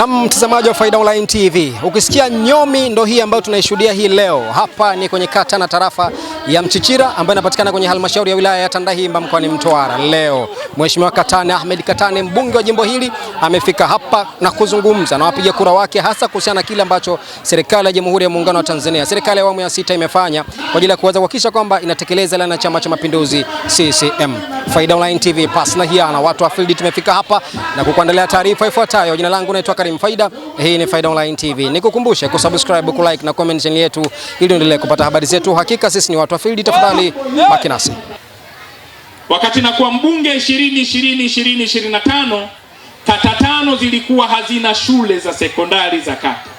Na mtazamaji wa Faida Online TV, ukisikia nyomi ndo hii ambayo tunaishuhudia hii leo. Hapa ni kwenye kata na tarafa ya Mchichira ambayo inapatikana kwenye halmashauri ya wilaya ya Tandahimba mkoani Mtwara. Leo Mheshimiwa Katane Ahmed Katane, mbunge wa jimbo hili, amefika hapa na kuzungumza na wapiga kura wake, hasa kuhusiana na kile ambacho serikali ya Jamhuri ya Muungano wa Tanzania, serikali ya awamu ya sita imefanya kwa ajili ya kuweza kuhakikisha kwamba inatekeleza ilani ya Chama cha Mapinduzi CCM. Faida Online TV, pas na hiana, watu wa field tumefika hapa na kukuandalia taarifa ifuatayo. Jina langu naitwa Salim Faida. Hii ni Faida Online TV. Nikukumbushe kusubscribe, like na comment channel yetu ili uendelee kupata habari zetu. Hakika sisi ni watu wa field, tafadhali baki nasi. Wakati na kuwa mbunge 20 20 20 kata tano zilikuwa hazina shule za sekondari za kata,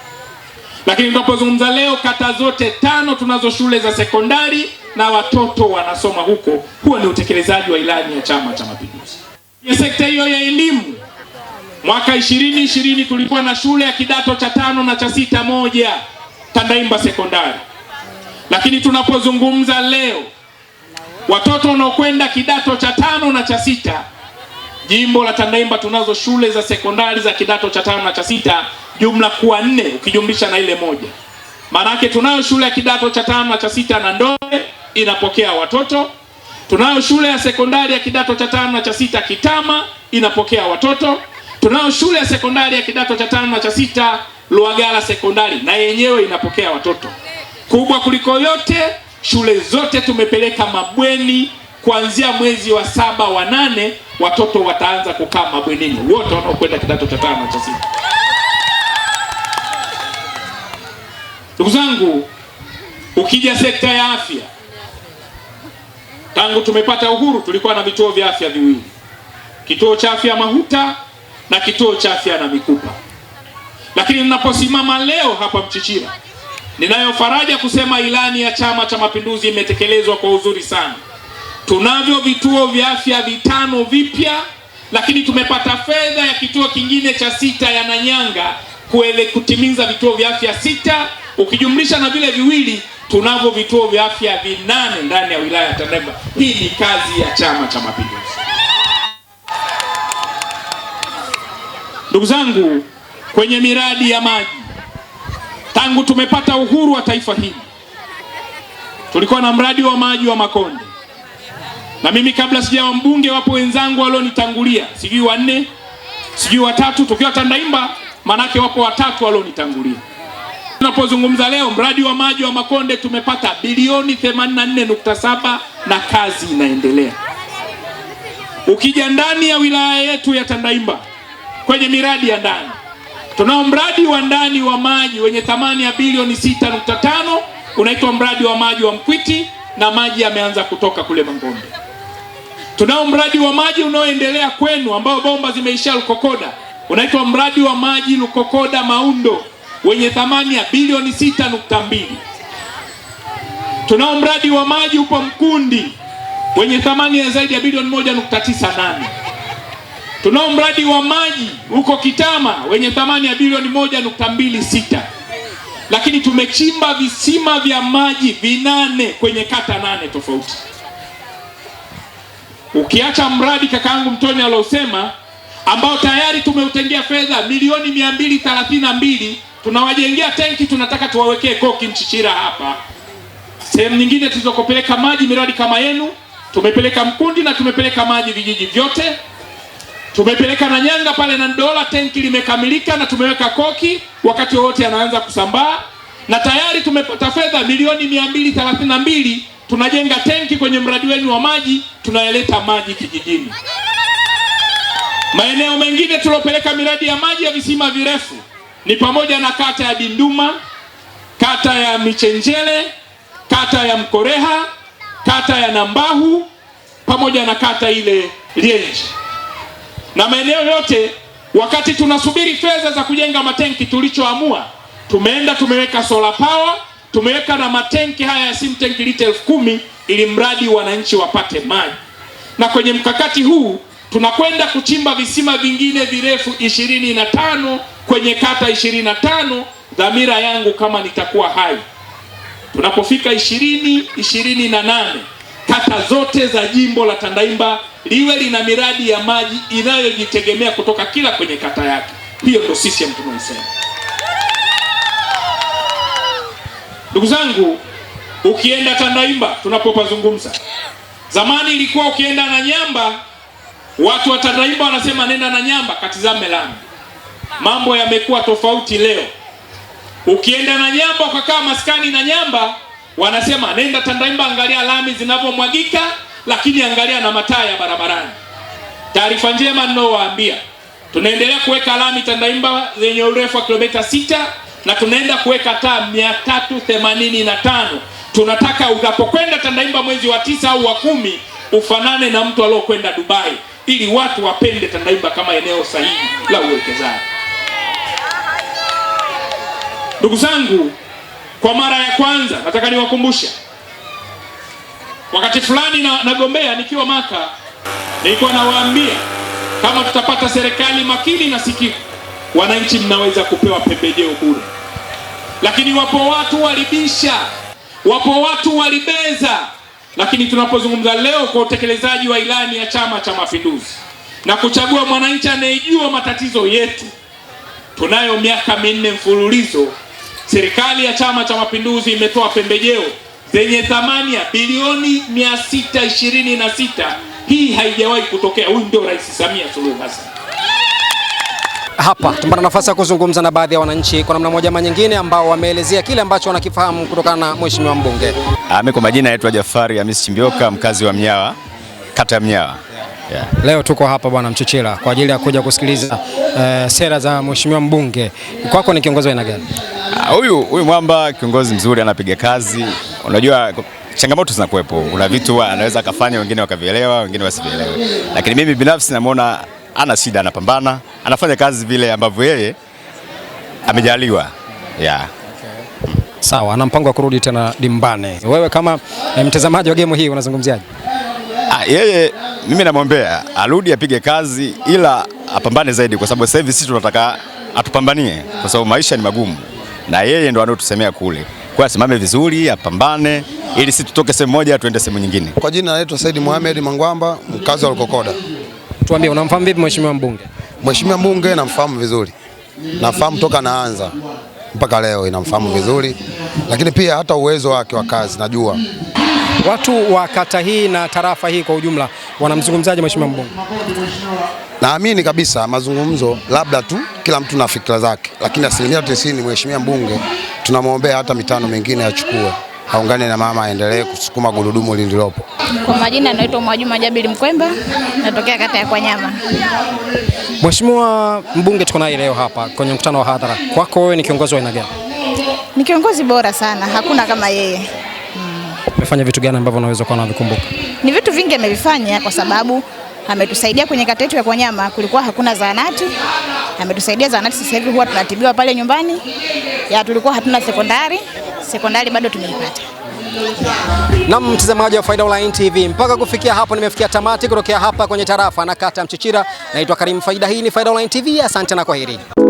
lakini tunapozungumza leo kata zote tano tunazo shule za sekondari na watoto wanasoma huko. Huo ni utekelezaji wa ilani ya Chama cha Mapinduzi. Sekta hiyo ya elimu Mwaka 2020 tulikuwa na shule ya kidato cha tano na cha sita moja Tandaimba Sekondari, lakini tunapozungumza leo watoto wanaokwenda kidato cha tano na cha sita jimbo la Tandaimba tunazo shule za sekondari za kidato cha tano na cha sita jumla kuwa nne ukijumlisha na ile moja. Maanake tunayo shule ya kidato cha tano na cha sita na Ndoe inapokea watoto, tunayo shule ya sekondari ya kidato cha tano na cha sita Kitama inapokea watoto Tunayo shule ya sekondari ya kidato cha tano na cha sita Luagala sekondari, na yenyewe inapokea watoto. Kubwa kuliko yote, shule zote tumepeleka mabweni. Kuanzia mwezi wa saba wa nane watoto wataanza kukaa mabwenini wote wanaokwenda kidato cha tano na cha sita. Ndugu zangu, ukija sekta ya afya, tangu tumepata uhuru tulikuwa na vituo vya afya viwili, kituo cha afya Mahuta na kituo cha afya na Mikupa. Lakini ninaposimama leo hapa Mchichira, ninayo faraja kusema ilani ya Chama cha Mapinduzi imetekelezwa kwa uzuri sana. Tunavyo vituo vya afya vitano vipya, lakini tumepata fedha ya kituo kingine cha sita ya Nanyanga kuele kutimiza vituo vya afya sita, ukijumlisha na vile viwili tunavyo vituo vya afya vinane ndani ya wilaya ya Tandahimba. Hii ni kazi ya Chama cha Mapinduzi. Ndugu zangu, kwenye miradi ya maji, tangu tumepata uhuru wa taifa hili tulikuwa na mradi wa maji wa Makonde, na mimi kabla sijawa mbunge, wapo wenzangu walionitangulia, sijui wanne, sijui watatu, tukiwa Tandaimba, manake wapo watatu walionitangulia. Tunapozungumza leo, mradi wa maji wa Makonde tumepata bilioni 84.7 na kazi inaendelea. Ukija ndani ya wilaya yetu ya Tandaimba kwenye miradi ya ndani. Tunao mradi wa ndani wa maji wenye thamani ya bilioni 6.5 unaitwa mradi wa maji wa Mkwiti na maji yameanza kutoka kule Mangombe. Tunao mradi wa maji unaoendelea kwenu ambao bomba zimeisha Lukokoda, unaitwa mradi wa maji Lukokoda Maundo wenye thamani ya bilioni 6.2. Tunao mradi wa maji upo Mkundi wenye thamani ya zaidi ya bilioni 1.98. Tunao mradi wa maji huko Kitama wenye thamani ya bilioni moja nukta mbili sita lakini tumechimba visima vya maji vinane kwenye kata nane tofauti. Ukiacha mradi kakaangu Mtoni aliosema ambao tayari tumeutengea fedha milioni mia mbili thelathini na mbili tunawajengea tenki, tunataka tuwawekee koki Mchichira hapa. Sehemu nyingine tulizokopeleka maji miradi kama yenu tumepeleka Mkundi na tumepeleka maji vijiji vyote. Tumepeleka na nyanga pale na dola, tenki limekamilika na tumeweka koki, wakati wowote anaanza kusambaa, na tayari tumepata fedha milioni mia mbili thelathini na mbili. Tunajenga tenki kwenye mradi wenu wa maji, tunayaleta maji kijijini. Maeneo mengine tuliopeleka miradi ya maji ya visima virefu ni pamoja na kata ya Binduma, kata ya Michenjele, kata ya Mkoreha, kata ya Nambahu pamoja na kata ile Lienje na maeneo yote. Wakati tunasubiri fedha za kujenga matenki, tulichoamua tumeenda tumeweka solar power, tumeweka na matenki haya ya tenki lita elfu kumi ili mradi wananchi wapate maji. Na kwenye mkakati huu tunakwenda kuchimba visima vingine virefu ishirini na tano kwenye kata ishirini na tano Dhamira yangu kama nitakuwa hai tunapofika ishirini ishirini na nane kata zote za jimbo la Tandaimba liwe lina miradi ya maji inayojitegemea kutoka kila kwenye kata yake. Hiyo ndio sisi tunaisema. Ndugu zangu, ukienda Tandaimba tunapopazungumza, zamani ilikuwa ukienda na Nyamba, watu wa Tandaimba wanasema nenda na Nyamba katizame lami. Mambo yamekuwa tofauti leo. Ukienda na Nyamba ukakaa maskani na Nyamba wanasema nenda Tandaimba, angalia lami zinavyomwagika, lakini angalia na mataa ya barabarani. Taarifa njema ninayowaambia, tunaendelea kuweka lami Tandaimba zenye urefu wa kilomita sita na tunaenda kuweka taa mia tatu themanini na tano. Tunataka unapokwenda Tandaimba mwezi wa tisa au wa kumi ufanane na mtu aliokwenda Dubai, ili watu wapende Tandaimba kama eneo sahihi la uwekezaji. Ndugu zangu kwa mara ya kwanza nataka niwakumbushe wakati fulani na nagombea nikiwa Maka, nilikuwa nawaambia kama tutapata serikali makini na sikivu, wananchi mnaweza kupewa pembejeo bure. Lakini wapo watu walibisha, wapo watu walibeza. Lakini tunapozungumza leo kwa utekelezaji wa ilani ya Chama cha Mapinduzi na kuchagua mwananchi anayejua matatizo yetu, tunayo miaka minne mfululizo serikali ya Chama cha Mapinduzi imetoa pembejeo zenye thamani ya bilioni 626. Hii haijawahi kutokea. Huyu ndio Rais Samia Suluhu Hassan. Hapa tumepata nafasi ya kuzungumza na baadhi ya wananchi kwa namna moja ama nyingine, ambao wameelezea kile ambacho wanakifahamu kutokana na mheshimiwa mbunge. Mimi ah, kwa majina naitwa Jafari Hamisi Chimbioka, mkazi wa Mnyawa, kata ya Mnyawa. Yeah. Leo tuko hapa bwana Mchochela kwa ajili ya kuja kusikiliza uh, sera za mheshimiwa mbunge. Kwako ni kiongozi wa aina gani? Ah, huyu huyu mwamba kiongozi mzuri, anapiga kazi. Unajua changamoto zinakuwepo, kuna vitu anaweza akafanya, wengine wakavielewa, wengine wasivielewe, lakini mimi binafsi namwona ana shida, anapambana, anafanya kazi vile ambavyo yeye amejaliwa yeah. Sawa, ana mpango wa kurudi tena dimbane. Wewe kama eh, mtazamaji wa gemu hii unazungumziaje? Ah, yeye mimi namwombea arudi apige kazi, ila apambane zaidi, kwa sababu sasa hivi sisi tunataka atupambanie, kwa sababu maisha ni magumu na yeye ndo anaotusemea kule, kwa asimame vizuri, apambane ili si tutoke sehemu moja tuende sehemu nyingine. Kwa jina naitwa Said Mohamed Mangwamba, mkazi wa Lukokoda. Tuambie, unamfahamu vipi mheshimiwa mbunge? Mheshimiwa mbunge namfahamu vizuri, nafahamu toka naanza mpaka leo inamfahamu vizuri, lakini pia hata uwezo wake wa kazi najua watu wa kata hii na tarafa hii kwa ujumla wanamzungumzaje mheshimiwa mbunge? Naamini kabisa mazungumzo, labda tu kila mtu na fikra zake, lakini asilimia tisini mheshimiwa mbunge tunamwombea hata mitano mingine achukue aungane na mama aendelee kusukuma gurudumu lililopo. Kwa majina naitwa Mwajuma Jabili Mkwemba, natokea kata ya Kwanyama. Mheshimiwa mbunge tuko naye leo hapa kwenye mkutano wa hadhara, kwako wewe ni kiongozi wa aina gani? Ni kiongozi bora sana, hakuna kama yeye amefanya vitu gani ambavyo unaweza kuwa unavikumbuka? Ni vitu vingi amevifanya, kwa sababu ametusaidia kwenye kata yetu ya Kwanyama, kulikuwa hakuna zahanati, ametusaidia zahanati. Sasa hivi huwa tunatibiwa pale nyumbani. Ya tulikuwa hatuna sekondari, sekondari bado tumeipata. Na mtazamaji wa Faida Online TV, mpaka kufikia hapo nimefikia tamati kutokea hapa kwenye tarafa na kata Mchichira. Naitwa Karim Faida, hii ni Faida Online TV. Asante na kwaheri.